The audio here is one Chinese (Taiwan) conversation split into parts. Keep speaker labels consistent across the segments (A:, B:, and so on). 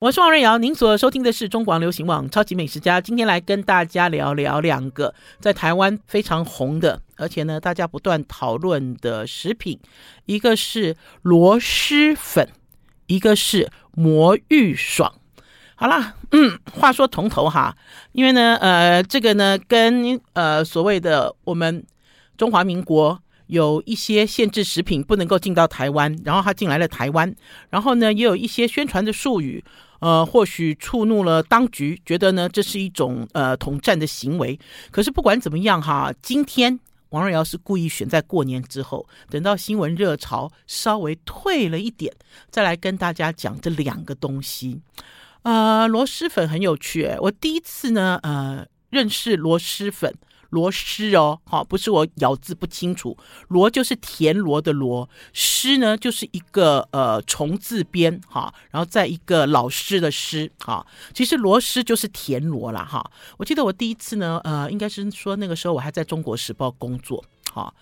A: 我是王瑞瑤，您所收聽的是中廣流行網《超級美食家》。今天來跟大家聊聊兩個在台灣非常紅的，而且呢大家不斷討論的食品，一個是螺螄粉，一個是魔芋爽。好啦，嗯，話說從頭哈，因為呢，呃，這個呢跟呃所謂的我們中華民國有一些限制食品不能夠進到台灣，然後它進來了台灣，然後呢也有一些宣傳的術語。呃，或許觸怒了當局，覺得呢這是一種呃統戰的行為。可是不管怎麼樣哈，今天王瑞瑤是故意選在過年之後，等到新聞熱潮稍微退了一點，再來跟大家講這兩個東西。呃，螺螄粉很有趣，欸，我第一次呢呃認識螺螄粉。螺螄哦，好，不是我咬字不清楚，螺就是田螺的螺，螄呢就是一個呃蟲字邊哈，然後再一個老師的師哈，其實螺螄就是田螺啦哈。我記得我第一次呢，呃，應該是說那個時候我還在中國時報工作哈，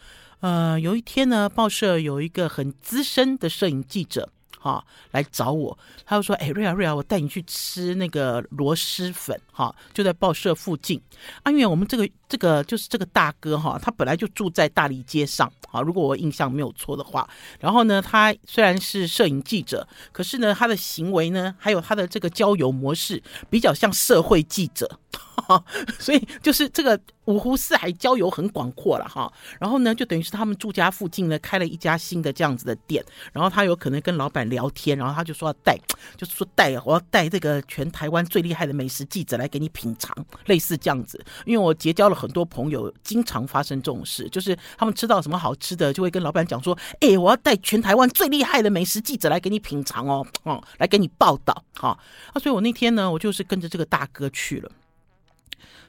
A: 呃，有一天呢，報社有一個很資深的攝影記者。啊，來找我，他就說：“哎，瑞瑤瑞瑤，我帶你去吃那個螺螄粉，哈、啊，就在報社附近。啊”因為，我們這個這個就是這個大哥哈、啊，他本來就住在大理街上，啊，如果我印象沒有錯的話。然後呢，他雖然是攝影記者，可是呢，他的行為呢，還有他的這個交友模式，比較像社會記者。哦、所以就是這個五湖四海交遊很廣闊了哈，然後呢，就等於是他們住家附近呢，開了一家新的這樣子的店，然後他有可能跟老闆聊天，然後他就說要帶，就是說帶我要帶這個全台灣最厲害的美食記者來給你品嚐，類似這樣子，因為我結交了很多朋友，經常發生這種事，就是他們吃到什麼好吃的，就會跟老闆講說，哎，我要帶全台灣最厲害的美食記者來給你品嚐哦，哦，來給你報道，哈、哦，啊，所以我那天呢，我就是跟着這個大哥去了。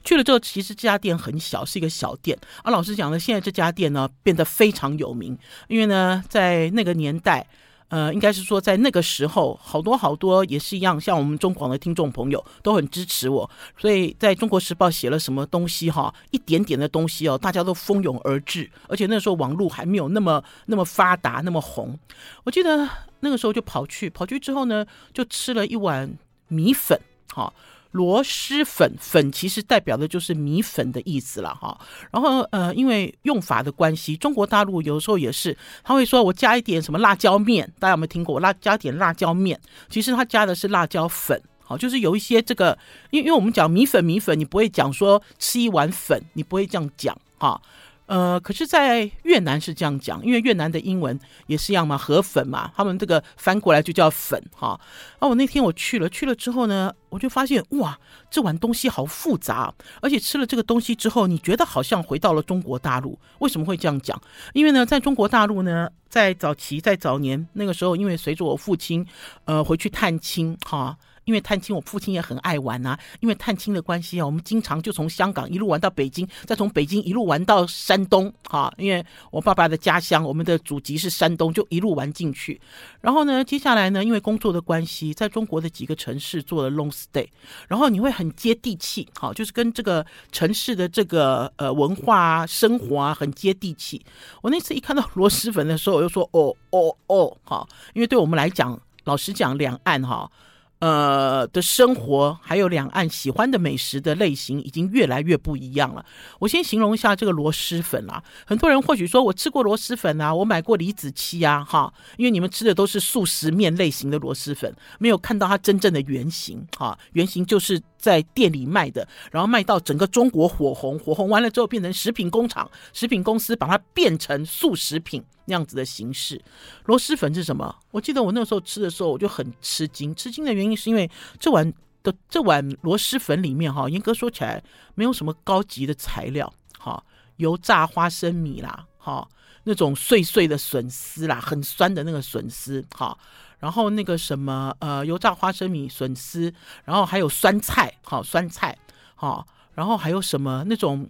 A: 去了之後，其實這家店很小，是一個小店。而、啊、老實講呢，現在這家店呢變得非常有名，因為呢，在那個年代，呃，應該是說在那個時候，好多好多也是一樣，像我們中廣的聽眾朋友都很支持我，所以在中國時報寫了什麼東西哈，一點點的東西哦，大家都蜂擁而至。而且那時候網絡還沒有那麼那麼發達，那麼紅。我記得那個時候就跑去，跑去之後呢，就吃了一碗米粉，哈。螺螄粉粉其實代表的就是米粉的意思了哈，然後呃，因為用法的關係，中國大陸有時候也是他會說我加一點什麼辣椒面，大家有沒有聽過？我辣加加點辣椒面，其實他加的是辣椒粉，好，哦，就是有一些這個，因為因為我們講米粉，米粉你不會講說吃一碗粉，你不會這樣講哈。哦呃，可是，在越南是這樣講，因為越南的英文也是一樣嘛，河粉嘛，他們這個翻過來就叫粉哈。哦、啊，我那天我去了，去了之後呢，我就發現哇，這碗東西好複雜，而且吃了這個東西之後，你覺得好像回到了中國大陸。為什麼會這樣講？因為呢，在中國大陸呢，在早期，在早年那個時候，因為隨着我父親，呃，回去探親哈。啊因為探親，我父親也很愛玩啊。因為探親的關係啊，我們經常就從香港一路玩到北京，再從北京一路玩到山東哈、啊，因為我爸爸的家鄉，我們的祖籍是山東，就一路玩進去。然後呢，接下來呢，因為工作的關係，在中國的幾個城市做了 long stay，然後你會很接地氣，哈、啊，就是跟這個城市的這個呃文化啊、生活啊很接地氣。我那次一看到螺螄粉的時候，我就說哦哦哦，好、哦哦啊，因為對我們來講，老實講，兩岸哈。啊呃，的生活還有兩岸喜歡的美食的類型已經越來越不一樣了。我先形容一下這個螺螄粉啦、啊，很多人或許說我吃過螺螄粉啊，我買過李子柒啊，哈，因為你們吃的都是速食麵類型的螺螄粉，沒有看到它真正的原型哈，原型就是。在店裡賣的，然後賣到整個中國火紅火紅，完了之後變成食品工廠、食品公司把它變成速食品那樣子的形式。螺螄粉是什麼？我記得我那時候吃的時候，我就很吃驚。吃驚的原因是因為這碗的這碗螺螄粉裡面，哈，嚴格說起來，沒有什麼高級的材料，哈，油炸花生米啦，哈，那種碎碎的筍絲啦，很酸的那個筍絲，哈。然後那個什麼，呃，油炸花生米、筍絲，然後還有酸菜，好、哦、酸菜，好、哦，然後還有什麼那種，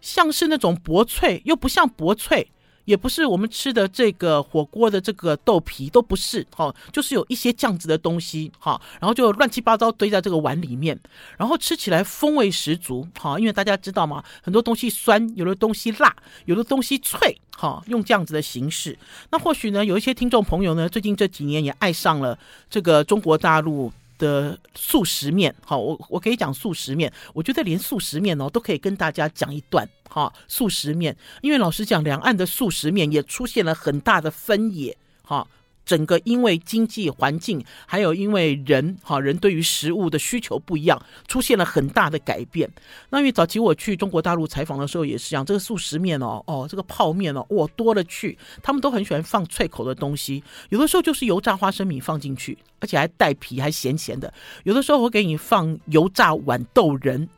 A: 像是那種薄脆，又不像薄脆。也不是我們吃的這個火鍋的這個豆皮都不是哦，就是有一些醬子的東西哈、哦，然後就亂七八糟堆在這個碗裡面，然後吃起來風味十足哈、哦，因為大家知道嗎？很多東西酸，有的東西辣，有的東西脆哈、哦，用這樣子的形式。那或許呢，有一些聽眾朋友呢，最近這幾年也愛上了這個中國大陸。的速食麵，好，我我可以講速食麵，我覺得連速食麵哦，都可以跟大家講一段，哈。速食麵，因為老實講，兩岸的速食麵也出現了很大的分野，哈。整個因為經濟環境，還有因為人哈，人對於食物的需求不一樣，出現了很大的改變。那因為早期我去中國大陸採訪的時候也是這樣，這個速食麵哦，哦，這個泡面哦，哇、哦，多了去，他們都很喜歡放脆口的東西，有的時候就是油炸花生米放進去，而且還帶皮，還鹹咸的。有的時候我給你放油炸豌豆仁。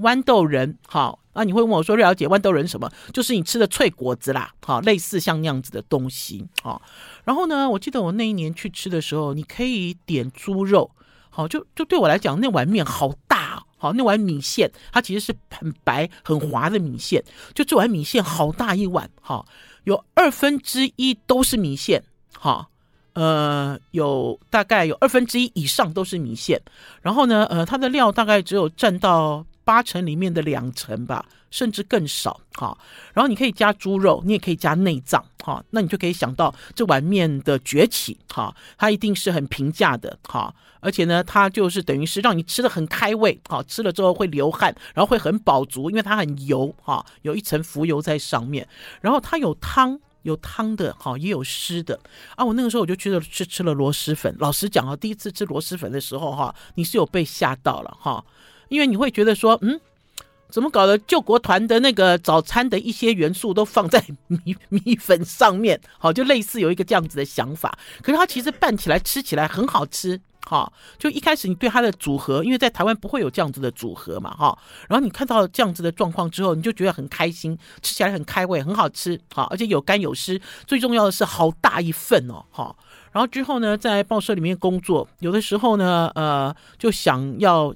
A: 豌豆仁，好啊！你會問我說瑞瑤姐，豌豆仁什麼？就是你吃的脆果子啦，好，類似像那樣子的東西，好。然後呢，我記得我那一年去吃的時候，你可以點豬肉，好，就就對我來講，那碗麵好大，好，那碗米線它其實是很白很滑的米線，就這碗米線好大一碗，好，有二分之一都是米線，好，呃，有大概有二分之一以上都是米線。然後呢，呃，它的料大概只有佔到。八成裡面的兩成吧，甚至更少哈。然後你可以加豬肉，你也可以加內臟哈。那你就可以想到這碗麵的崛起哈，它一定是很平價的哈。而且呢，它就是等於是讓你吃得很開胃哈，吃了之後會流汗，然後會很飽足，因為它很油哈，有一層浮油在上面。然後它有湯，有湯的哈，也有濕的啊。我那個時候我就去了，去吃了螺螄粉，老實講啊，第一次吃螺螄粉的時候哈，你是有被嚇到了哈。因為你會覺得說，嗯，怎麼搞的？救國團的那個早餐的一些元素都放在米米粉上面，好，就類似有一個這樣子的想法。可是它其實拌起來吃起來很好吃，哈、哦，就一開始你對它的組合，因為在台灣不會有這樣子的組合嘛，哈、哦。然後你看到這樣子的狀況之後，你就覺得很開心，吃起來很開胃，很好吃，哦、而且有乾有濕，最重要的是好大一份哦，哈、哦。然後之後呢，在報社裡面工作，有的時候呢，呃，就想要。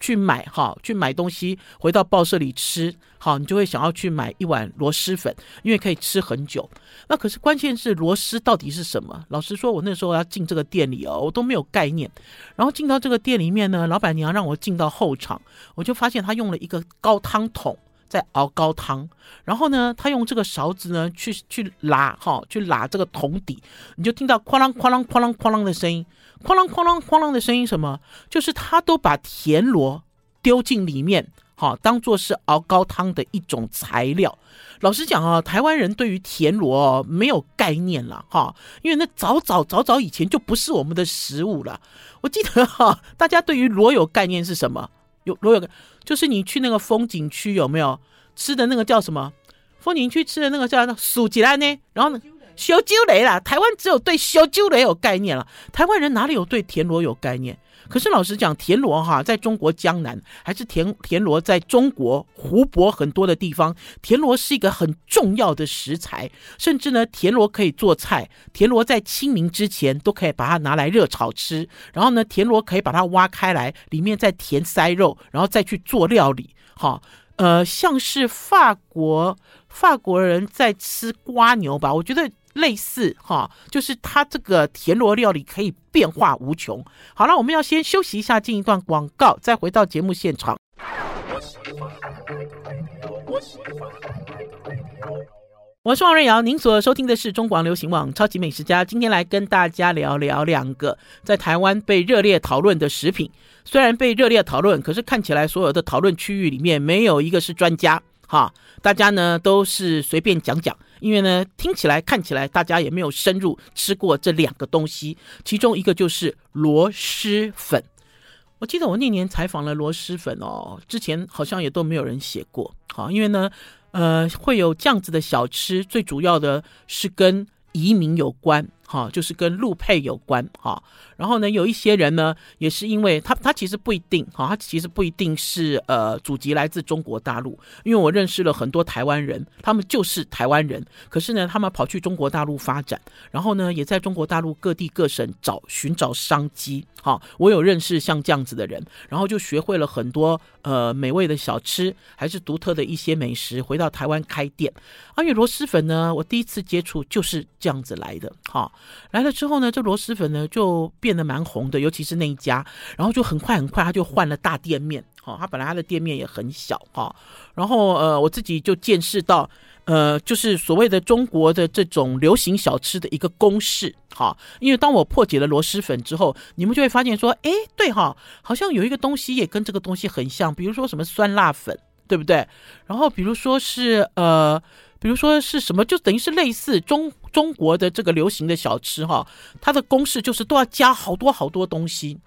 A: 去買哈，去買東西，回到報社裡吃。好，你就會想要去買一碗螺螄粉，因為可以吃很久。那可是關鍵是螺螄到底是什麼？老實說，我那時候要進這個店裡哦，我都沒有概念。然後進到這個店裡面呢，老闆娘讓我進到後場，我就發現她用了一個高湯桶。在熬高湯，然後呢，他用這個勺子呢去去拉，哈、哦，去拉這個桶底，你就聽到哐啷哐啷哐啷哐啷的聲音，哐啷哐啷哐啷的聲音，什麼？就是他都把田螺丟進裡面，哈、哦，當做是熬高湯的一種材料。老實講啊，台灣人對於田螺、哦、沒有概念了，哈、哦，因為那早早早早以前就不是我們的食物了。我記得哈、啊，大家對於螺有概念是什麼？有，如果有個，就是你去那個風景區有沒有吃的那個叫什麼？風景區吃的那個叫什麼？蘇吉拉呢？然後呢？小酒螺啦，台灣只有對小酒螺有概念了，台灣人哪裡有對田螺有概念？可是老實講，田螺哈，在中國江南還是田田螺在中國湖泊很多的地方，田螺是一個很重要的食材，甚至呢，田螺可以做菜。田螺在清明之前都可以把它拿來熱炒吃，然後呢，田螺可以把它挖開來，裡面再填塞肉，然後再去做料理。好，呃，像是法國法國人在吃蝸牛吧，我覺得。類似哈，就是它這個田螺料理可以變化無窮。好了，那我們要先休息一下，進一段廣告，再回到節目現場。 我是王瑞瑤，您所收聽的是中廣流行網《超級美食家》。今天來跟大家聊聊兩個在台灣被熱烈討論的食品。雖然被熱烈討論，可是看起來所有的討論區域裡面沒有一個是專家。哈，大家呢都是隨便講講，因為呢聽起來看起來大家也沒有深入吃過這兩個東西，其中一個就是螺螄粉。我記得我那年採訪了螺螄粉哦，之前好像也都沒有人寫過。好，因為呢，呃，會有這樣子的小吃，最主要的是跟移民有關。好，就是跟陸配有關哈。然後呢，有一些人呢，也是因為他，他其實不一定哈，他其實不一定是呃，祖籍來自中國大陸。因為我認識了很多台灣人，他們就是台灣人，可是呢，他們跑去中國大陸發展，然後呢，也在中國大陸各地各省找尋找商機。好，我有認識像這樣子的人，然後就學會了很多呃美味的小吃，還是獨特的一些美食，回到台灣開店。而且螺螄粉呢，我第一次接觸就是這樣子來的哈。來了之後呢，這螺螄粉呢就變得蠻紅的，尤其是那一家，然後就很快很快，他就換了大店面。好、哦，他本來他的店面也很小啊、哦，然後呃，我自己就見識到，呃，就是所謂的中國的這種流行小吃的一個公式。好、哦，因為當我破解了螺螄粉之後，你們就會發現說，哎，對哈、哦，好像有一個東西也跟這個東西很像，比如說什麼酸辣粉，對不對？然後比如說是呃。比如說是什麼，就等於是類似中中國的這個流行的小吃哈，它的公式就是都要加好多好多東西。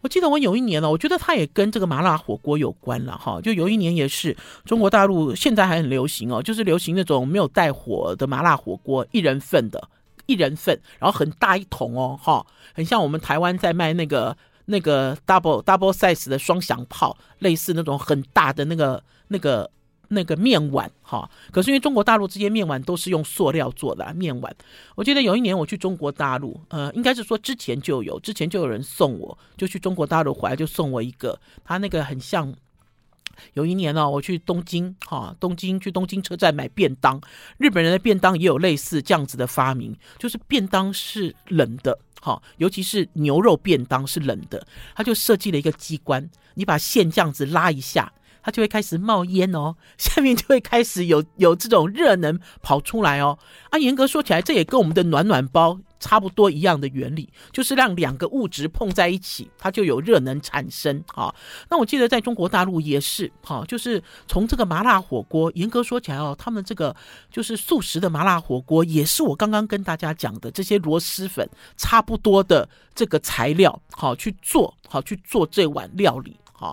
A: 我記得我有一年呢，我覺得它也跟這個麻辣火鍋有關了哈。就有一年也是中國大陸現在還很流行哦，就是流行那種沒有帶火的麻辣火鍋，一人份的，一人份，然後很大一桶哦哈，很像我們台灣在賣那個那個 double double size 的雙響炮，類似那種很大的那個那個。那個麵碗哈、哦，可是因為中國大陸這些麵碗都是用塑料做的麵碗。我記得有一年我去中國大陸，呃，應該是說之前就有，之前就有人送我，就去中國大陸回來就送我一個，他那個很像。有一年呢、哦，我去東京哈、哦，東京去東京車站買便當，日本人的便當也有類似這樣子的發明，就是便當是冷的哈、哦，尤其是牛肉便當是冷的，他就設計了一個機關，你把線這樣子拉一下。它就會開始冒煙哦，下面就會開始有有這種熱能跑出來哦。啊，嚴格說起來，這也跟我們的暖暖包差不多一樣的原理，就是讓兩個物質碰在一起，它就有熱能產生啊、哦。那我記得在中國大陸也是哈、哦，就是從這個麻辣火鍋，嚴格說起來哦，他們這個就是素食的麻辣火鍋，也是我剛剛跟大家講的這些螺螄粉差不多的這個材料好、哦、去做好、哦、去做這碗料理啊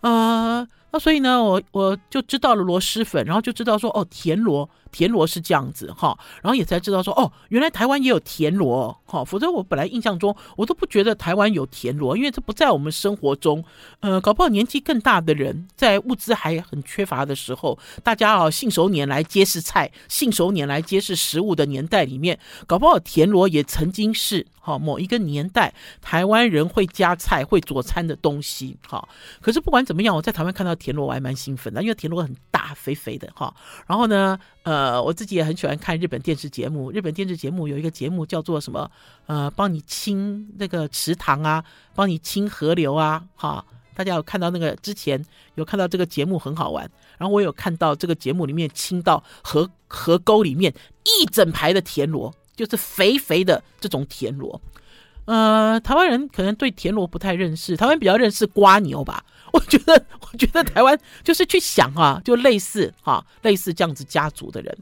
A: 啊。哦呃啊，所以呢，我我就知道了螺螄粉，然後就知道說哦，田螺。田螺是這樣子哈，然後也才知道說哦，原來台灣也有田螺哦。否則我本來印象中我都不覺得台灣有田螺，因為這不在我們生活中。呃，搞不好年紀更大的人在物資還很缺乏的時候，大家啊信手拈來皆是菜，信手拈來皆是食物的年代裡面，搞不好田螺也曾經是哈、哦、某一個年代台灣人會加菜會佐餐的東西哈、哦。可是不管怎麼樣，我在台灣看到田螺我還蠻興奮的，因為田螺很大，肥肥的哈、哦，然後呢呃。呃，我自己也很喜歡看日本電視節目。日本電視節目有一個節目叫做什麼？呃，幫你清那個池塘啊，幫你清河流啊，哈！大家有看到那個之前有看到這個節目很好玩。然後我有看到這個節目裡面清到河河溝裡面一整排的田螺，就是肥肥的這種田螺。呃，台灣人可能對田螺不太認識，台灣比較認識蝸牛吧。我覺得，我覺得台灣就是去想啊，就類似哈、啊，類似這樣子家族的人。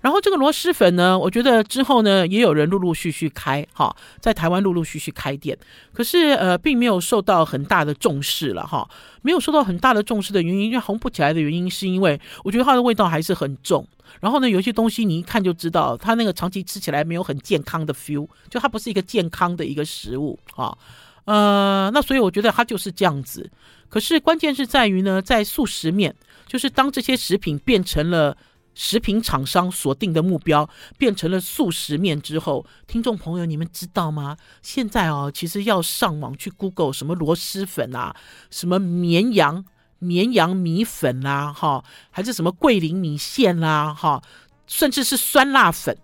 A: 然後這個螺螄粉呢，我覺得之後呢，也有人陸陸續續開哈、啊，在台灣陸陸續續開店，可是呃，並沒有受到很大的重視了哈、啊。沒有受到很大的重視的原因，因為紅不起來的原因，是因為我覺得它的味道還是很重。然後呢，有一些東西你一看就知道，它那個長期吃起來沒有很健康的 feel，就它不是一個健康的一個食物啊。呃，那所以我覺得它就是這樣子。可是關鍵是在於呢，在速食麵，就是當這些食品變成了食品廠商鎖定的目標，變成了速食麵之後，聽眾朋友你們知道嗎？現在哦，其實要上網去 Google 什麼螺螄粉啊，什麼綿陽綿陽米粉啊，哈，還是什麼桂林米線啦、啊，哈，甚至是酸辣粉。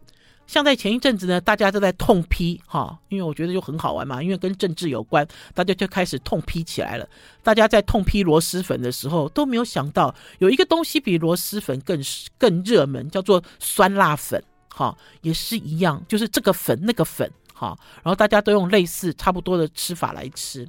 A: 像在前一陣子呢，大家都在痛批哈，因為我覺得就很好玩嘛，因為跟政治有關，大家就開始痛批起來了。大家在痛批螺螄粉的時候，都沒有想到有一個東西比螺螄粉更更熱門，叫做酸辣粉哈，也是一樣，就是這個粉那個粉哈，然後大家都用類似差不多的吃法來吃。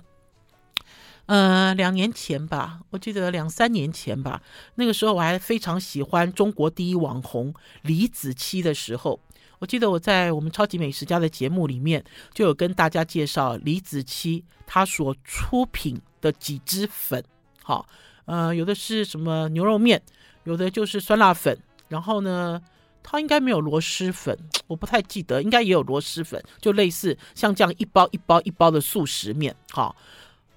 A: 呃，兩年前吧，我記得兩三年前吧，那個時候我還非常喜歡中國第一網紅李子柒的時候。我記得我在我們《超級美食家》的節目裡面就有跟大家介紹李子柒她所出品的幾支粉，好、哦，呃，有的是什麼牛肉麵，有的就是酸辣粉，然後呢，他應該沒有螺螄粉，我不太記得，應該也有螺螄粉，就類似像這樣一包一包一包的速食麵，好、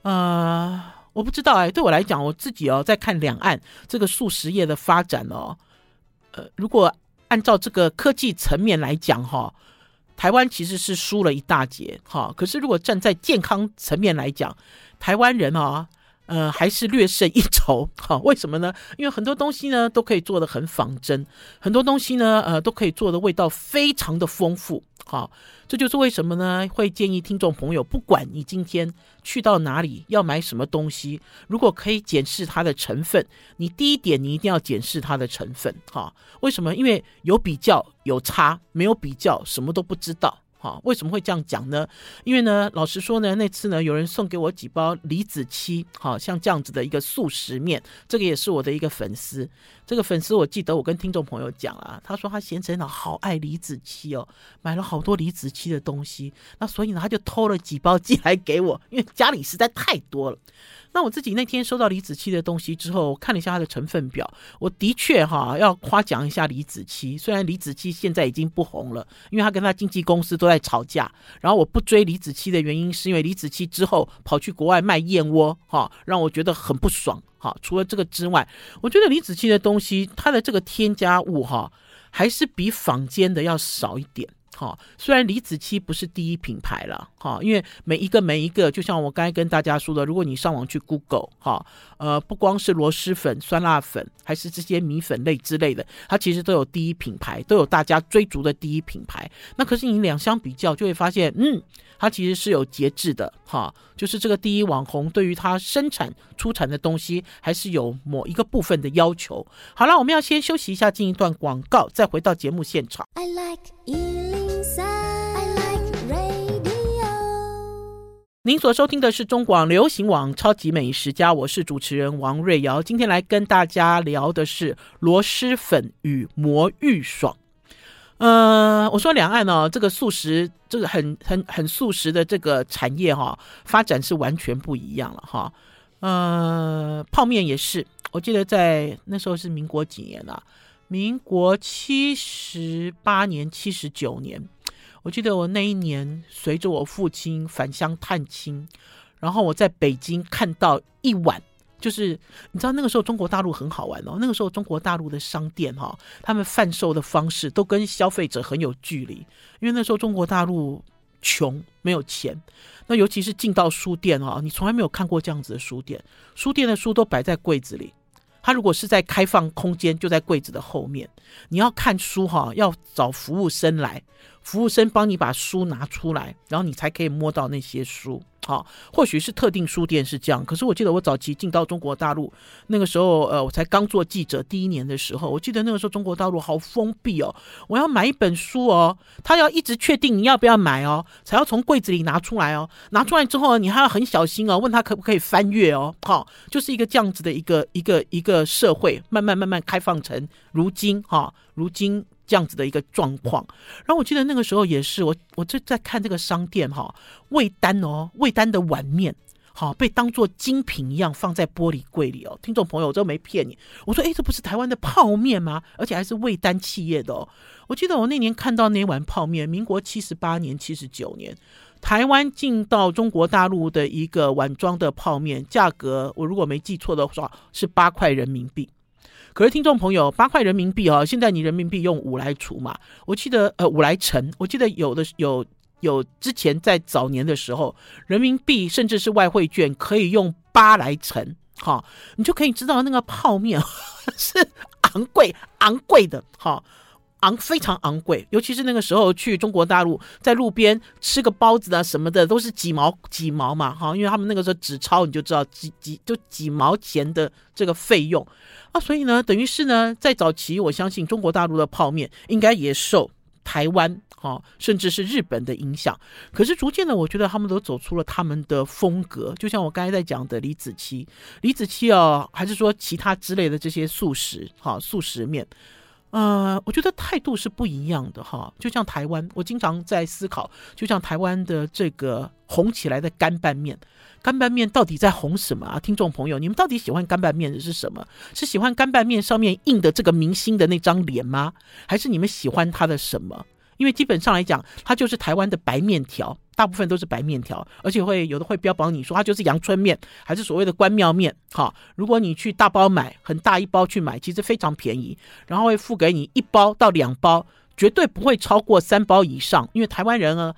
A: 哦，呃，我不知道哎、欸，對我來講，我自己哦，在看兩岸這個速食業的發展哦，呃，如果。按照這個科技層面來講，哈，台灣其實是輸了一大截，哈。可是如果站在健康層面來講，台灣人啊。呃，還是略勝一籌，哦，為什麼呢？因為很多東西呢都可以做得很仿真，很多東西呢，呃，都可以做得味道非常的豐富，好，哦，這就是為什麼呢，會建議聽眾朋友，不管你今天去到哪裡要買什麼東西，如果可以檢視它的成分，你第一點你一定要檢視它的成分，哦，為什麼？因為有比較有差，沒有比較，什麼都不知道。好，為什麼會這樣講呢？因為呢，老實說呢，那次呢，有人送給我幾包李子柒，好像這樣子的一個速食麵，這個也是我的一個粉絲。這個粉絲我記得，我跟聽眾朋友講啊，他說他先生好愛李子柒哦，買了好多李子柒的東西，那所以呢，他就偷了幾包寄來給我，因為家裡實在太多了。那我自己那天收到李子柒的東西之後，我看了一下它的成分表，我的確哈、啊、要誇獎一下李子柒，雖然李子柒現在已經不紅了，因為他跟他經紀公司都在吵架。然後我不追李子柒的原因，是因為李子柒之後跑去國外賣燕窩哈、啊，讓我覺得很不爽。好，除了這個之外，我覺得李子柒的東西，它的這個添加物哈，還是比坊間的要少一點。哈，雖然李子柒不是第一品牌了，哈，因為每一個每一個，就像我剛才跟大家說的，如果你上網去 Google，哈，呃，不光是螺螄粉、酸辣粉，還是這些米粉類之類的，它其實都有第一品牌，都有大家追逐的第一品牌。那可是你兩相比較，就會發現，嗯，它其實是有節制的，哈。就是這個第一網紅，對於他生產出產的東西，還是有某一個部分的要求。好了，我們要先休息一下，進一段廣告，再回到節目現場。I like 103, I like radio。您所收聽的是中廣流行網《超級美食家》，我是主持人王瑞瑤，今天來跟大家聊的是螺螄粉與魔芋爽。呃、嗯，我說兩岸呢、哦，這個素食，這個很很很素食的這個產業哈、哦，發展是完全不一樣了哈。呃、嗯，泡麵也是，我記得在那時候是民國幾年啊，民國七十八年、七十九年，我記得我那一年隨着我父親返鄉探親，然後我在北京看到一碗。就是你知道那個時候中國大陸很好玩哦，那個時候中國大陸的商店哦，他們販售的方式都跟消費者很有距離，因為那時候中國大陸窮沒有錢，那尤其是進到書店哦，你從來沒有看過這樣子的書店，書店的書都擺在櫃子裡，他如果是在開放空間，就在櫃子的後面，你要看書哦，要找服務生來。服務生幫你把書拿出來，然後你才可以摸到那些書。好、哦，或許是特定書店是這樣。可是我記得我早期進到中國大陸那個時候，呃，我才剛做記者第一年的時候，我記得那個時候中國大陸好封閉哦。我要買一本書哦，他要一直確定你要不要買哦，才要從櫃子裡拿出來哦。拿出來之後，你還要很小心哦，問他可不可以翻閱哦。好、哦，就是一個這樣子的一個一個一個社會，慢慢慢慢開放成如今哈，如今。哦，如今這樣子的一個狀況，然後我記得那個時候也是我我就在看這個商店哈，味丹哦，味丹的碗麵好被當做精品一樣放在玻璃櫃裡哦，聽眾朋友，我真沒騙你，我說哎、欸、這不是台灣的泡麵嗎？而且還是味丹企業的哦，我記得我那年看到那碗泡麵，民國七十八年七十九年台灣進到中國大陸的一個碗裝的泡麵，價格我如果沒記錯的話是八塊人民幣。可是聽眾朋友，八塊人民幣哦，現在你人民幣用五來除嘛？我記得，呃，五來乘。我記得有的有有之前在早年的時候，人民幣甚至是外匯券可以用八來乘，哈、哦，你就可以知道那個泡面呵呵是昂貴昂貴的，哈、哦。昂，非常昂貴，尤其是那個時候去中國大陸，在路邊吃個包子啊什麼的，都是幾毛幾毛嘛，哈，因為他們那個時候紙鈔，你就知道幾幾就幾毛錢的這個費用啊，所以呢，等於是呢，在早期，我相信中國大陸的泡麵應該也受台灣哈甚至是日本的影響，可是逐漸的，我覺得他們都走出了他們的風格，就像我剛才在講的李子柒，李子柒哦，還是說其他之類的這些素食哈素食麵。呃，我覺得態度是不一樣的哈，就像台灣，我經常在思考，就像台灣的這個紅起來的乾拌麵，乾拌麵到底在紅什麼啊？聽眾朋友，你們到底喜歡乾拌麵的是什麼？是喜歡乾拌麵上面印的這個明星的那張臉嗎？還是你們喜歡他的什麼？因為基本上來講，它就是台灣的白麵條，大部分都是白麵條，而且會有的會標榜你說它就是陽春麵，還是所謂的官廟麵關廟麵。哈，如果你去大包買，很大一包去買，其實非常便宜，然後會付給你一包到兩包，絕對不會超過三包以上，因為台灣人啊。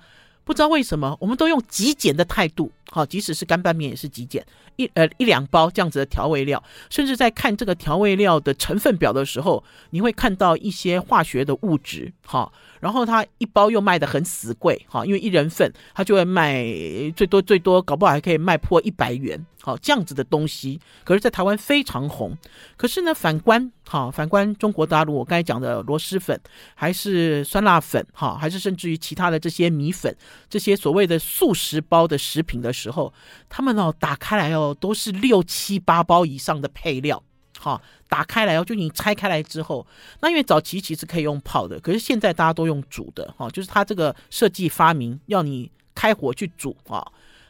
A: 不知道為什麼，我們都用極簡的態度，好，即使是乾拌麵也是極簡，一呃一兩包這樣子的調味料，甚至在看這個調味料的成分表的時候，你會看到一些化學的物質，好，然後它一包又賣得很死貴，哈，因為一人份，它就會賣最多最多，搞不好還可以賣破一百元。好，這樣子的東西，可是，在台灣非常紅。可是呢，反觀，好，反觀中國大陸，我剛才講的螺螄粉，還是酸辣粉，哈，還是甚至於其他的這些米粉，這些所謂的速食包的食品的時候，他們哦，打開來哦，都是六七八包以上的配料，哈，打開來哦，就你拆開來之後，那因為早期其實可以用泡的，可是現在大家都用煮的，哈，就是它這個設計發明要你開火去煮啊。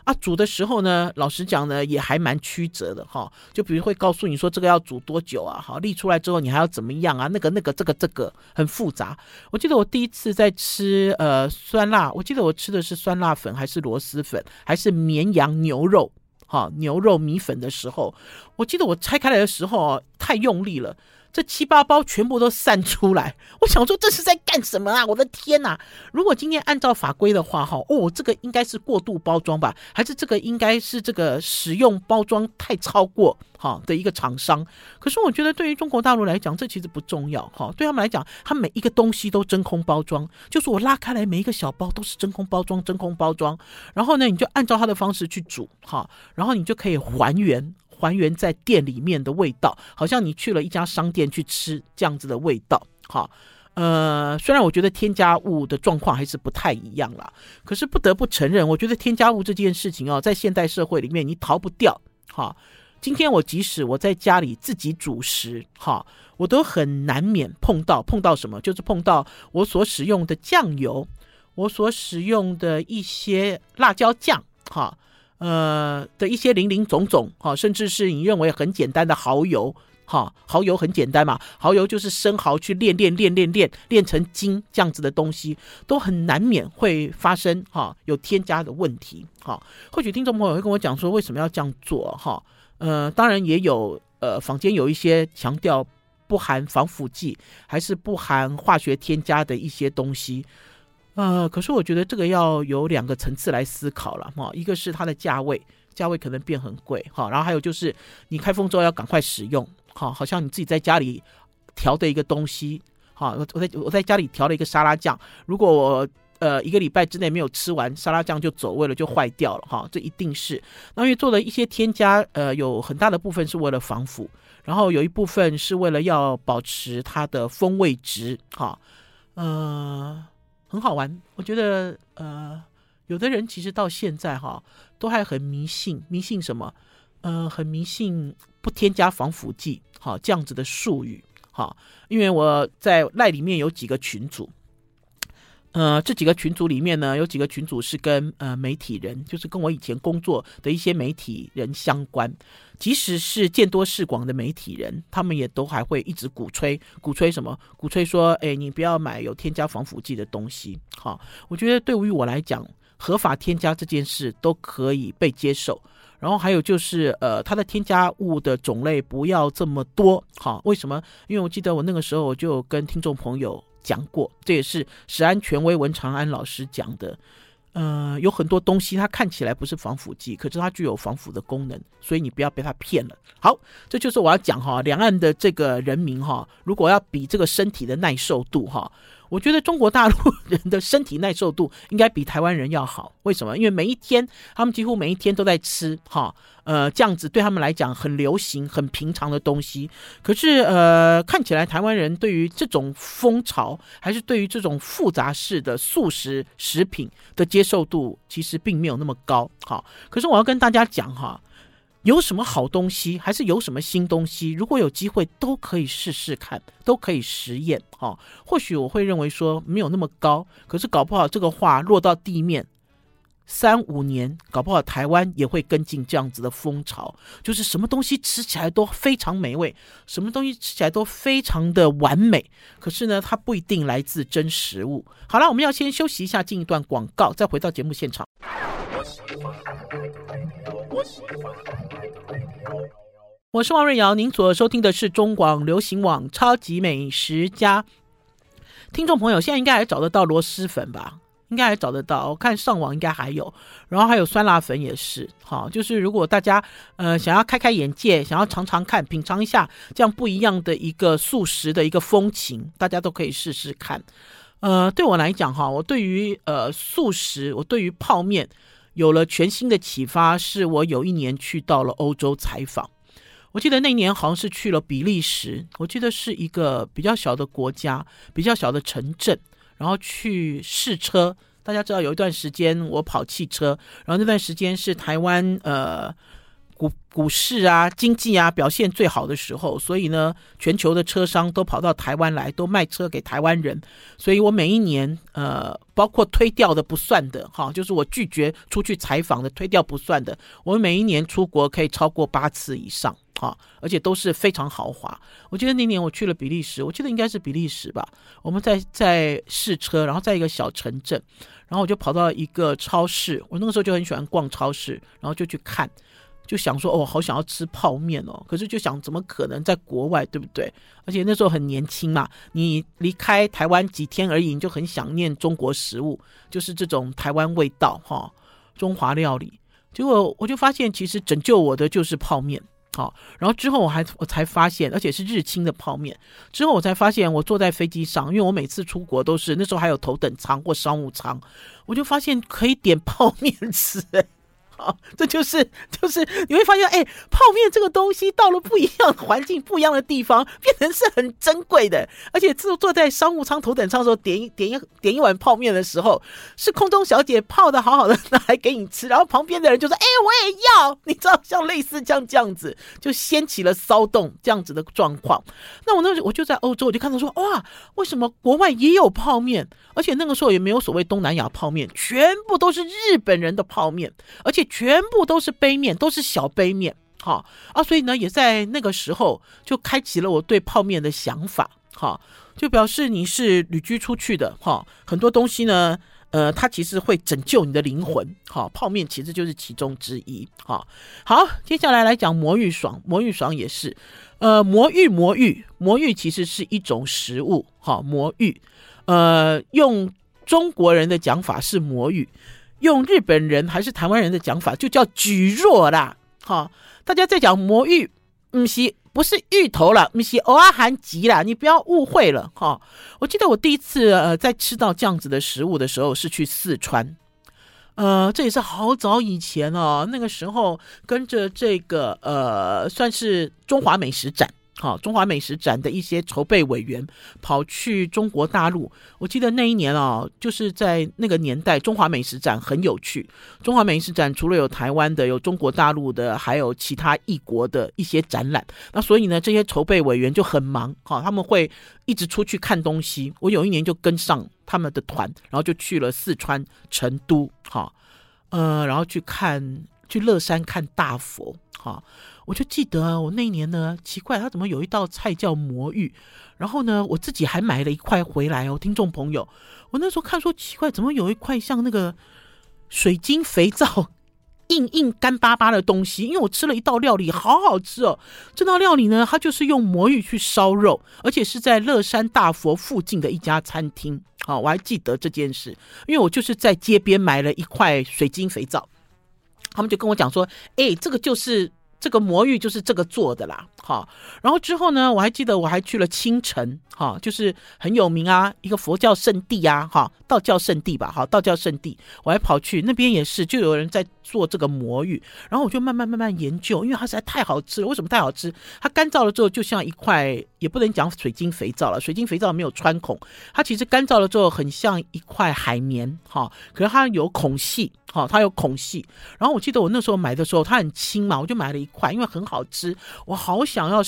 A: 啊，煮的時候呢，老實講呢，也還蠻曲折的哈、哦。就比如會告訴你說這個要煮多久啊，好、哦，瀝出來之後你還要怎麼樣啊？那個、那個、這個、這個，很複雜。我記得我第一次在吃呃酸辣，我記得我吃的是酸辣粉還是螺螄粉還是綿羊牛肉哈、哦、牛肉米粉的時候，我記得我拆開來的時候啊、哦，太用力了。這七八包全部都散出來，我想說這是在幹什麼啊？我的天吶、啊！如果今天按照法規的話，哈，哦，這個應該是過度包裝吧？還是這個應該是這個使用包裝太超過哈的一個廠商？可是我覺得對於中國大陸來講，這其實不重要哈。對他們來講，他每一個東西都真空包裝，就是我拉開來每一個小包都是真空包裝，真空包裝。然後呢，你就按照他的方式去煮哈，然後你就可以還原。還原在店裡面的味道，好像你去了一家商店去吃這樣子的味道，哈，呃，雖然我覺得添加物的狀況還是不太一樣啦，可是不得不承認，我覺得添加物這件事情哦，在現代社會裡面你逃不掉，哈。今天我即使我在家裡自己煮食，哈，我都很難免碰到碰到什麼，就是碰到我所使用的醬油，我所使用的一些辣椒醬，哈。呃的一些零零總總哈，甚至是你認為很簡單的蠔油哈，蠔油很簡單嘛，蠔油就是生蠔去煉煉煉煉煉煉成精這樣子的東西，都很難免會發生哈、哦、有添加的問題哈、哦。或許聽眾朋友會跟我講說，為什麼要這樣做哈、哦？呃，當然也有呃坊間有一些強調不含防腐劑，還是不含化學添加的一些東西。呃，可是我覺得這個要有兩個層次來思考了、哦、一個是它的價位，價位可能變很貴哈、哦。然後還有就是你開封之後要趕快使用哈、哦，好像你自己在家裡調的一個東西哈、哦。我在我在家裡調了一個沙拉醬，如果我呃一個禮拜之內沒有吃完，沙拉醬就走味了，就壞掉了哈、哦。這一定是，那因為做了一些添加，呃，有很大的部分是為了防腐，然後有一部分是為了要保持它的風味值哈，嗯、哦。呃很好玩，我覺得呃，有的人其實到現在哈，都還很迷信，迷信什麼？呃，很迷信不添加防腐劑，哈，這樣子的術語，哈，因為我在賴裡面有幾個群組。呃，這幾個群組裡面呢，有幾個群組是跟呃媒體人，就是跟我以前工作的一些媒體人相關。即使是見多識廣的媒體人，他們也都還會一直鼓吹。鼓吹什麼？鼓吹說，哎，你不要買有添加防腐劑的東西。好、哦，我覺得對於我來講，合法添加這件事都可以被接受。然後還有就是，呃，它的添加物的種類不要這麼多。好、哦，為什麼？因為我記得我那個時候我就跟聽眾朋友，講過，這也是食安權威文長安老師講的，呃，有很多東西它看起來不是防腐劑，可是它具有防腐的功能，所以你不要被它騙了。好，這就是我要講哈，兩岸的這個人民哈，如果要比這個身體的耐受度哈。我覺得中國大陸人的身體耐受度應該比台灣人要好，為什麼？因為每一天他們幾乎每一天都在吃，哈，呃，這樣子對他們來講很流行、很平常的東西。可是，呃，看起來台灣人對於這種風潮，還是對於這種複雜式的素食食品的接受度，其實並沒有那麼高，哈。可是我要跟大家講，哈。有什麼好東西，還是有什麼新東西？如果有機會，都可以試試看，都可以實驗啊，哦。或許我會認為說沒有那麼高，可是搞不好這個話落到地面，三五年，搞不好台灣也會跟進這樣子的風潮，就是什麼東西吃起來都非常美味，什麼東西吃起來都非常的完美。可是呢，它不一定來自真食物。好了，我們要先休息一下，進一段廣告，再回到節目現場。我是王瑞瑤，您所收聽的是中廣流行網超級美食家。聽眾朋友，現在應該還找得到螺螄粉吧？應該還找得到，我看上網應該還有。然後還有酸辣粉也是，好，就是如果大家呃想要開開眼界，想要嘗嘗看，品嘗一下這樣不一樣的一個速食的一個風情，大家都可以試試看。呃，對我來講哈，我對於呃速食，我對於泡麵。有了全新的啟發，是我有一年去到了歐洲採訪，我記得那年好像是去了比利時，我記得是一個比較小的國家，比較小的城鎮，然後去試車。大家知道有一段時間我跑汽車，然後那段時間是台灣，呃。股股市啊，經濟啊，表現最好的時候，所以呢，全球的車商都跑到台灣來，都賣車給台灣人。所以我每一年，呃，包括推掉的不算的哈，就是我拒絕出去採訪的推掉不算的。我每一年出國可以超過八次以上啊，而且都是非常豪華。我記得那年我去了比利時，我記得應該是比利時吧。我們在在試車，然後在一個小城鎮，然後我就跑到一個超市。我那個時候就很喜歡逛超市，然後就去看。就想說哦，好想要吃泡麵哦，可是就想怎麼可能在國外，對不對？而且那時候很年輕嘛，你離開台灣幾天而已，你就很想念中國食物，就是這種台灣味道哈、哦，中華料理。結果我就發現，其實拯救我的就是泡麵，好、哦。然後之後我還我才發現，而且是日清的泡麵。之後我才發現，我坐在飛機上，因為我每次出國都是那時候還有頭等艙或商務艙，我就發現可以點泡麵吃、哎。哦、啊，這就是就是你會發現，哎、欸，泡麵這個東西到了不一樣的環境、不一樣的地方，變成是很珍貴的。而且坐坐在商務艙頭等艙的時候，點一點一點一碗泡麵的時候，是空中小姐泡得好好的拿來給你吃，然後旁邊的人就說：“哎、欸，我也要。”你知道，像類似像這樣子，就掀起了騷動這樣子的狀況。那我那時候我就在歐洲，我就看到說：“哇，為什麼國外也有泡麵？而且那個時候也沒有所謂東南亞泡麵，全部都是日本人的泡麵，而且。”全部都是杯麵，都是小杯麵，好啊，啊，所以呢，也在那個時候就開啟了我對泡麵的想法，好、啊，就表示你是旅居出去的，哈、啊，很多東西呢，呃，它其實會拯救你的靈魂，哈、啊，泡麵其實就是其中之一，哈、啊，好，接下來來講魔芋爽，魔芋爽也是，呃，魔芋，魔芋，魔芋其實是一種食物，哈、啊，魔芋，呃，用中國人的講法是魔芋。用日本人還是台灣人的講法，就叫蒟蒻啦，哈，大家在講魔芋，嗯，西不是芋頭啦，嗯，西歐阿涵吉啦，你不要誤會了哈。我記得我第一次呃在吃到這樣子的食物的時候，是去四川，呃，這也是好早以前哦，那個時候跟着這個呃算是中華美食展。好，中華美食展的一些籌備委員跑去中國大陸。我記得那一年啊、喔，就是在那個年代，中華美食展很有趣。中華美食展除了有台灣的，有中國大陸的，還有其他異國的一些展覽。那所以呢，這些籌備委員就很忙。好，他們會一直出去看東西。我有一年就跟上他們的團，然後就去了四川成都。好，呃，然後去看去樂山看大佛。好。我就記得我那一年呢，奇怪，它怎麼有一道菜叫魔芋？然後呢，我自己還買了一塊回來哦，聽眾朋友，我那時候看說奇怪，怎麼有一塊像那個水晶肥皂，硬硬乾巴巴的東西？因為我吃了一道料理，好好吃哦！這道料理呢，它就是用魔芋去燒肉，而且是在樂山大佛附近的一家餐廳。好，哦，我還記得這件事，因為我就是在街邊買了一塊水晶肥皂，他們就跟我講說：“誒，這個就是。”這個魔芋就是這個做的啦。好，然後之後呢？我還記得我還去了青城，哈、啊，就是很有名啊，一個佛教聖地啊，哈、啊，道教聖地吧，哈、啊，道教聖地，我還跑去那邊也是，就有人在做這個魔芋，然後我就慢慢慢慢研究，因為它實在太好吃了。為什麼太好吃？它乾燥了之後就像一塊，也不能講水晶肥皂了，水晶肥皂沒有穿孔，它其實乾燥了之後很像一塊海綿，哈、啊，可是它有孔隙，哈、啊，它有孔隙。然後我記得我那時候買的時候它很輕嘛，我就買了一塊，因為很好吃，我好喜。想要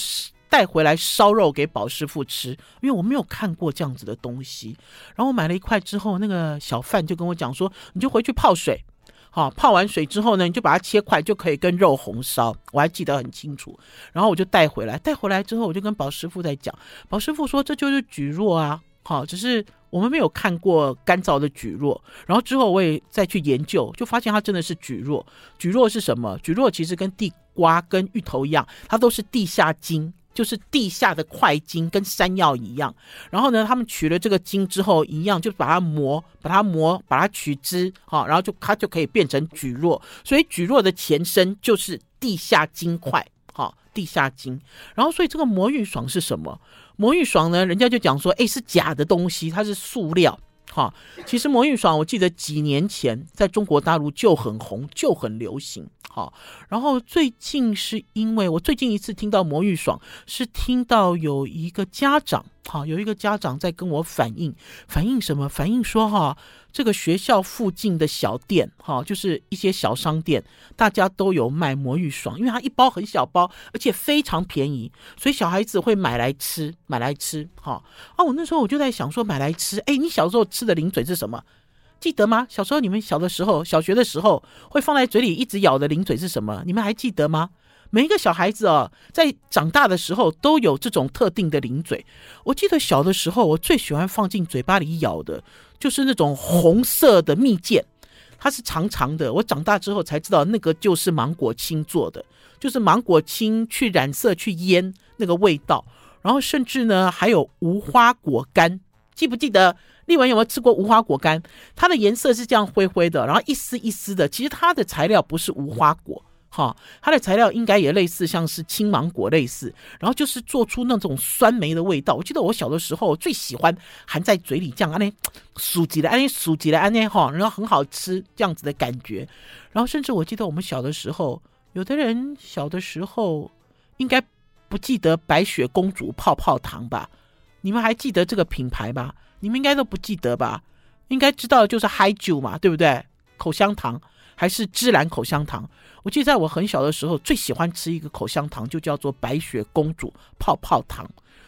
A: 帶回來燒肉給寶師傅吃，因為我沒有看過這樣子的東西。然後我買了一塊之後，那個小販就跟我講說：“你就回去泡水，好，泡完水之後呢，你就把它切塊，就可以跟肉紅燒。”我還記得很清楚。然後我就帶回來，帶回來之後我就跟寶師傅在講，寶師傅說：“這就是蒟蒻啊，好，只是我們沒有看過乾燥的蒟蒻。”然後之後我也再去研究，就發現它真的是蒟蒻。蒟蒻是什麼？蒟蒻其實跟地。瓜跟芋頭一樣，它都是地下莖，就是地下的塊莖，跟山藥一樣。然後呢，他們取了這個莖之後，一樣就把它磨、把它磨、把它取汁，哈、哦，然後就它就可以變成蒟蒻。所以蒟蒻的前身就是地下莖塊，哈、哦，地下莖。然後，所以這個魔芋爽是什麼？魔芋爽呢，人家就講說，哎，是假的東西，它是塑料。哈，其實魔芋爽，我記得幾年前在中國大陸就很紅，就很流行。哈，然後最近是因為我最近一次聽到魔芋爽，是聽到有一個家長，哈，有一個家長在跟我反映，反映什麼？反映說，哈。這個學校附近的小店，哈、哦，就是一些小商店，大家都有賣魔芋爽，因為它一包很小包，而且非常便宜，所以小孩子會買來吃，買來吃，哈、哦、啊！我那時候我就在想說，買來吃，誒，你小時候吃的零嘴是什麼？記得嗎？小時候你們小的時候，小學的時候會放在嘴裡一直咬的零嘴是什麼？你們還記得嗎？每一個小孩子啊、哦，在長大的時候都有這種特定的零嘴。我記得小的時候，我最喜歡放進嘴巴裡咬的。就是那種紅色的蜜餞，它是長長的。我長大之後才知道，那個就是芒果青做的，就是芒果青去染色去醃那個味道。然後甚至呢，還有無花果乾，記不記得立文有沒有吃過無花果乾？它的顏色是這樣灰灰的，然後一絲一絲的。其實它的材料不是無花果。哈、哦，它的材料應該也類似，像是青芒果類似，然後就是做出那種酸梅的味道。我記得我小的時候最喜歡含在嘴裡這樣，安尼熟起的安尼熟起的安尼哈，然後很好吃這樣子的感覺。然後甚至我記得我們小的時候，有的人小的時候應該不記得白雪公主泡泡糖吧？你們還記得這個品牌吧？你們應該都不記得吧？應該知道的就是嗨酒嘛，對不對？口香糖。還是芝蘭口香糖。我記得在我很小的時候，最喜歡吃一個口香糖，就叫做白雪公主泡泡糖。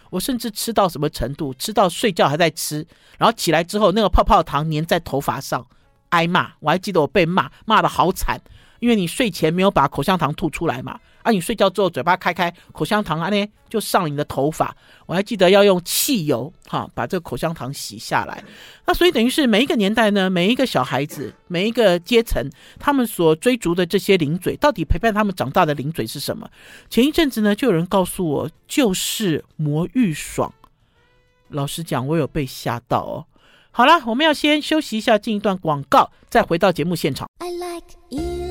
A: 我甚至吃到什麼程度，吃到睡覺還在吃，然後起來之後，那個泡泡糖粘在頭髮上，挨罵。我還記得我被罵，罵得好慘。因為你睡前沒有把口香糖吐出來嘛，而、啊、你睡覺之後嘴巴開開，口香糖啊呢就上你的頭髮。我還記得要用汽油哈，把這個口香糖洗下來。那所以等於是每一個年代呢，每一個小孩子，每一個階層，他們所追逐的這些零嘴，到底陪伴他們長大的零嘴是什麼？前一陣子呢，就有人告訴我，就是魔芋爽。老實講，我有被嚇到哦。好啦，我們要先休息一下，進一段廣告，再回到節目現場。I like you.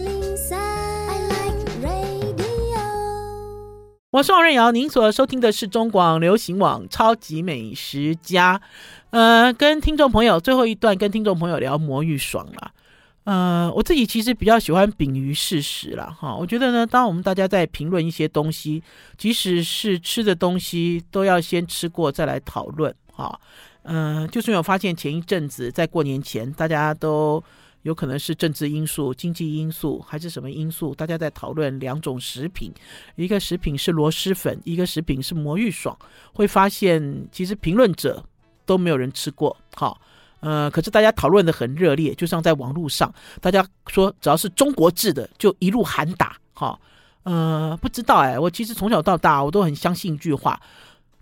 A: 我是王瑞瑤，您所收聽的是中廣流行網超級美食家。呃，跟聽眾朋友最後一段跟聽眾朋友聊魔芋爽啦。呃，我自己其實比較喜歡秉於事實啦哈、哦。我覺得呢，當我們大家在評論一些東西，即使是吃的東西，都要先吃過再來討論哈，嗯、哦呃，就是有發現前一陣子在過年前，大家都。有可能是政治因素、經濟因素，還是什麼因素？大家在討論兩種食品，一個食品是螺螄粉，一個食品是魔芋爽，會發現其實評論者都沒有人吃過。哈、哦、呃，可是大家討論的很熱烈，就像在網絡上，大家說只要是中國制的，就一路喊打。哈、哦、呃，不知道哎，我其實從小到大，我都很相信一句話，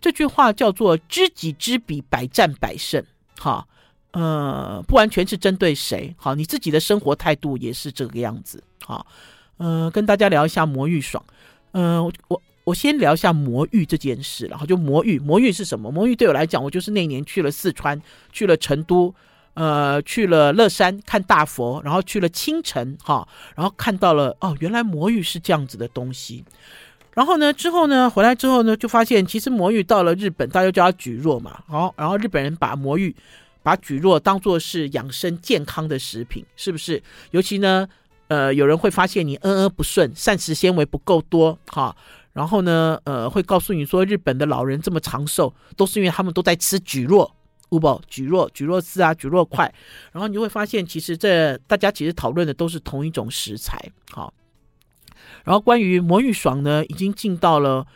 A: 這句話叫做“知己知彼，百戰百勝”哦。哈。呃，不完全是針對誰，好，你自己的生活態度也是這個樣子，好，嗯、呃，跟大家聊一下魔芋爽，嗯、呃，我我先聊一下魔芋這件事，然後就魔芋，魔芋是什麼？魔芋對我來講，我就是那一年去了四川，去了成都，呃，去了樂山看大佛，然後去了青城。哈、哦，然後看到了哦，原來魔芋是這樣子的東西，然後呢，之後呢，回來之後呢，就發現其實魔芋到了日本，大家叫它蒟蒻嘛，好，然後日本人把魔芋。把蒟蒻當做是養生健康的食品，是不是？尤其呢，呃，有人會發現你嗯嗯不順，膳食纖維不夠多，哈。然後呢，呃，會告訴你說，日本的老人這麼長壽，都是因為他們都在吃蒟蒻，唔寶，蒟蒻，蒟蒻絲啊，蒟蒻塊。然後你會發現，其實這大家其實討論的都是同一種食材，好。然後關於魔芋爽呢，已經進到了。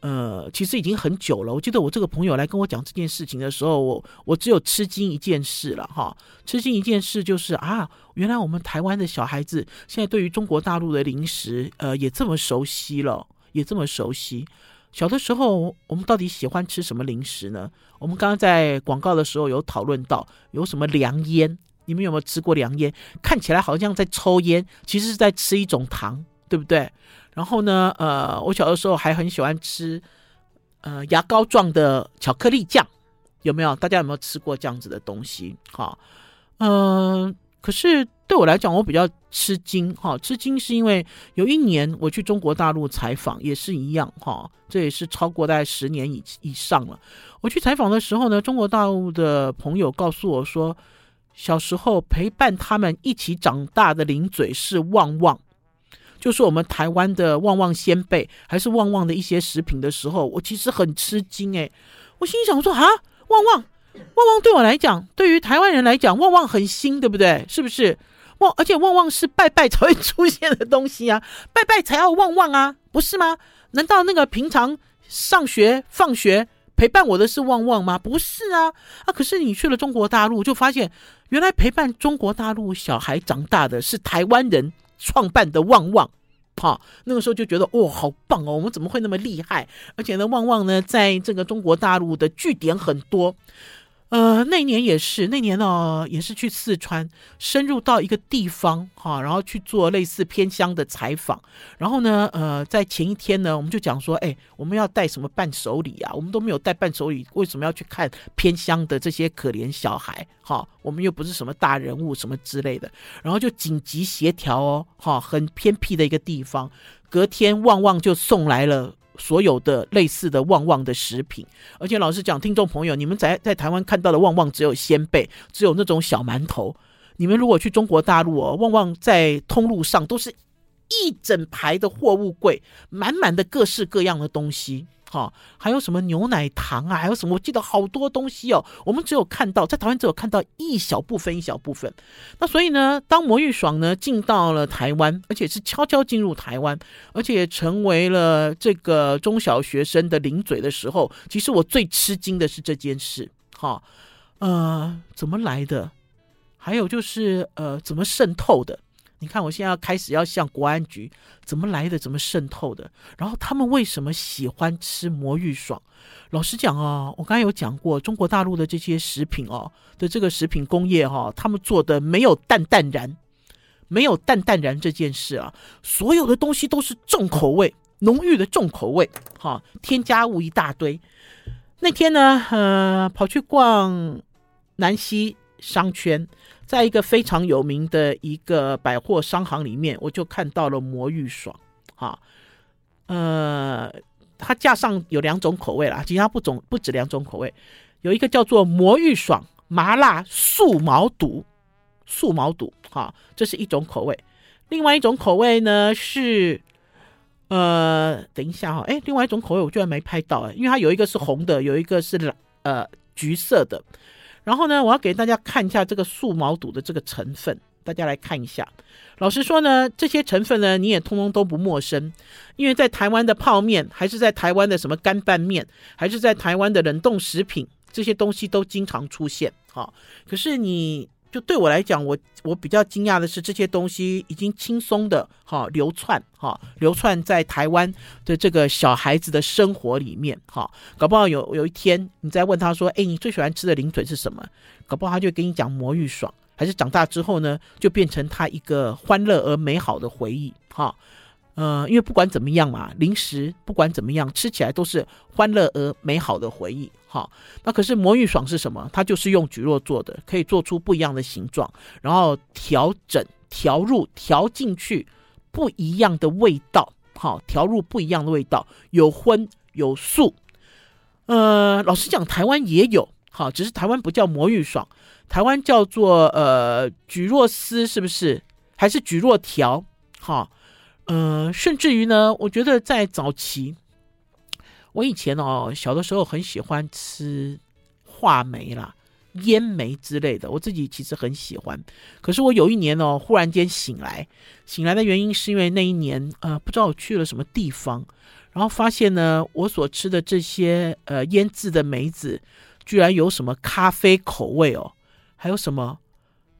A: 呃，其實已經很久了。我記得我這個朋友來跟我講這件事情的時候，我我只有吃驚一件事了，哈，吃驚一件事就是啊，原來我們台灣的小孩子現在對於中國大陸的零食，呃，也這麼熟悉了，也這麼熟悉。小的時候，我們到底喜歡吃什麼零食呢？我們剛剛在廣告的時候有討論到，有什麼涼煙？你們有沒有吃過涼煙？看起來好像在抽煙，其實是在吃一種糖。對不對？然後呢？呃，我小的時候還很喜歡吃，呃，牙膏狀的巧克力醬，有沒有？大家有沒有吃過這樣子的東西？哈、哦，嗯、呃，可是對我來講，我比較吃驚，哈、哦，吃驚是因為有一年我去中國大陸採訪，也是一樣，哈、哦，這也是超過大概十年以以上了。我去採訪的時候呢，中國大陸的朋友告訴我說，小時候陪伴他們一起長大的零嘴是旺旺。就是我們台灣的旺旺仙貝，還是旺旺的一些食品的時候，我其實很吃驚哎、欸，我心想我說啊，旺旺，旺旺對我來講，對於台灣人來講，旺旺很新，對不對？是不是？旺，而且旺旺是拜拜才會出現的東西啊，拜拜才要旺旺啊，不是嗎？難道那個平常上學、放學陪伴我的是旺旺嗎？不是啊，啊，可是你去了中國大陸，就發現原來陪伴中國大陸小孩長大的是台灣人。創辦的旺旺，啊，那個時候就覺得哦，好棒哦！我們怎麼會那麼厲害？而且呢，旺旺呢，在這個中國大陸的據點很多。呃，那年也是，那年呢、哦、也是去四川，深入到一個地方哈、啊，然後去做類似偏鄉的採訪。然後呢，呃，在前一天呢，我們就講說，哎、欸，我們要帶什麼伴手禮啊？我們都沒有帶伴手禮，為什麼要去看偏鄉的這些可憐小孩？哈、啊，我們又不是什麼大人物什麼之類的。然後就緊急協調哦，哈、啊，很偏僻的一個地方，隔天旺旺就送來了。所有的類似的旺旺的食品，而且老實講，聽眾朋友，你們在在台灣看到的旺旺只有仙貝，只有那種小饅頭。你們如果去中國大陸哦，旺旺在通路上都是一整排的貨物櫃，滿滿的各式各樣的東西。哈，還有什麼牛奶糖啊，還有什麼？我記得好多東西哦。我們只有看到在台灣，只有看到一小部分，一小部分。那所以呢，當魔芋爽呢進到了台灣，而且是悄悄進入台灣，而且成為了這個中小學生的零嘴的時候，其實我最吃驚的是這件事。哈、哦，呃，怎麼來的？還有就是呃，怎麼滲透的？你看，我現在要開始要向國安局怎麼來的，怎麼滲透的？然後他們為什麼喜歡吃魔芋爽？老實講啊、哦，我剛才有講過，中國大陸的這些食品哦的這個食品工業哈、哦，他們做的沒有淡淡然，沒有淡淡然這件事啊，所有的東西都是重口味，濃郁的重口味，哈，添加物一大堆。那天呢，呃，跑去逛南西商圈。在一個非常有名的一個百貨商行裡面，我就看到了魔芋爽，哈、啊，呃，它架上有兩種口味啦，其他不種不止兩種口味，有一個叫做魔芋爽麻辣素毛肚，素毛肚，哈、啊，這是一種口味，另外一種口味呢是，呃，等一下哈、哦，誒，另外一種口味我居然沒拍到、啊，哎，因為它有一個是紅的，有一個是藍，呃，橘色的。然後呢，我要給大家看一下這個素毛肚的這個成分，大家來看一下。老實說呢，這些成分呢，你也通通都不陌生，因為在台灣的泡麵，還是在台灣的什麼乾拌麵，還是在台灣的冷凍食品，這些東西都經常出現啊、哦。可是你。就對我來講，我我比較驚訝的是，這些東西已經輕鬆的哈、哦、流竄哈、哦、流竄在台灣的這個小孩子的生活裡面哈、哦，搞不好有有一天你在問他說，誒，你最喜歡吃的零嘴是什麼？搞不好他就跟你講魔芋爽，還是長大之後呢，就變成他一個歡樂而美好的回憶哈。哦呃、嗯，因為不管怎麼樣嘛，零食不管怎麼樣吃起來都是歡樂而美好的回憶，哈、哦。那可是魔芋爽是什麼？它就是用蒟蒻做的，可以做出不一樣的形狀，然後調整、調入、調進去不一樣的味道，哈、哦。調入不一樣的味道，有葷有素。呃，老實講，台灣也有，哈、哦，只是台灣不叫魔芋爽，台灣叫做呃蒟蒻絲，是不是？還是蒟蒻條，哈、哦。呃，甚至於呢，我覺得在早期，我以前哦，小的時候很喜歡吃話梅啦、醃梅之類的，我自己其實很喜歡。可是我有一年哦，忽然間醒來，醒來的原因是因為那一年呃，不知道我去了什麼地方，然後發現呢，我所吃的這些呃醃制的梅子，居然有什麼咖啡口味哦，還有什麼？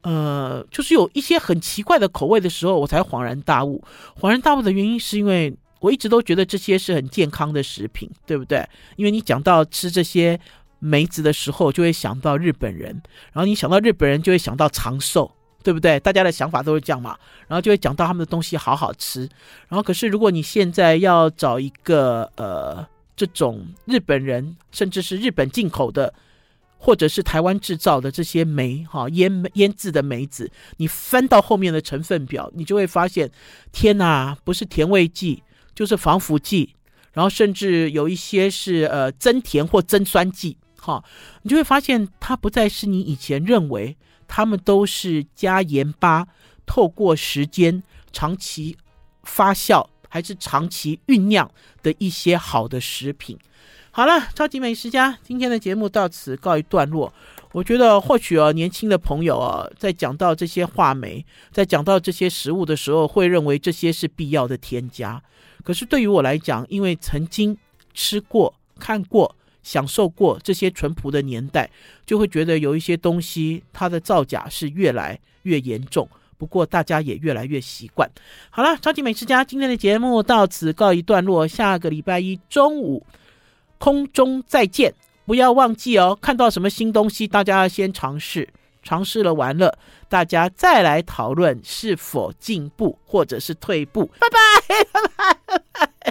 A: 呃，就是有一些很奇怪的口味的時候，我才恍然大悟。恍然大悟的原因是因為我一直都覺得這些是很健康的食品，對不對？因為你講到吃這些梅子的時候，就會想到日本人，然後你想到日本人，就會想到長壽，對不對？大家的想法都是這樣嘛。然後就會講到他們的東西好好吃。然後可是如果你現在要找一個呃這種日本人，甚至是日本進口的。或者是台灣製造的這些梅，哈，醃醃製的梅子，你翻到後面的成分表，你就會發現，天哪，啊，不是甜味劑，就是防腐劑，然後甚至有一些是呃增甜或增酸劑哈，哦，你就會發現它不再是你以前認為它們都是加鹽巴，透過時間長期發酵還是長期醞釀的一些好的食品。好了，超級美食家今天的節目到此告一段落。我覺得或許哦、啊，年輕的朋友啊，在講到這些話梅，在講到這些食物的時候，會認為這些是必要的添加。可是對於我來講，因為曾經吃過、看過、享受過這些淳樸的年代，就會覺得有一些東西它的造假是越來越嚴重。不過大家也越來越習慣。好了，超級美食家今天的節目到此告一段落。下個禮拜一中午。空中再見，不要忘記哦！看到什麼新東西，大家要先嘗試，嘗試了完了，大家再來討論是否進步或者是退步。拜拜，拜拜。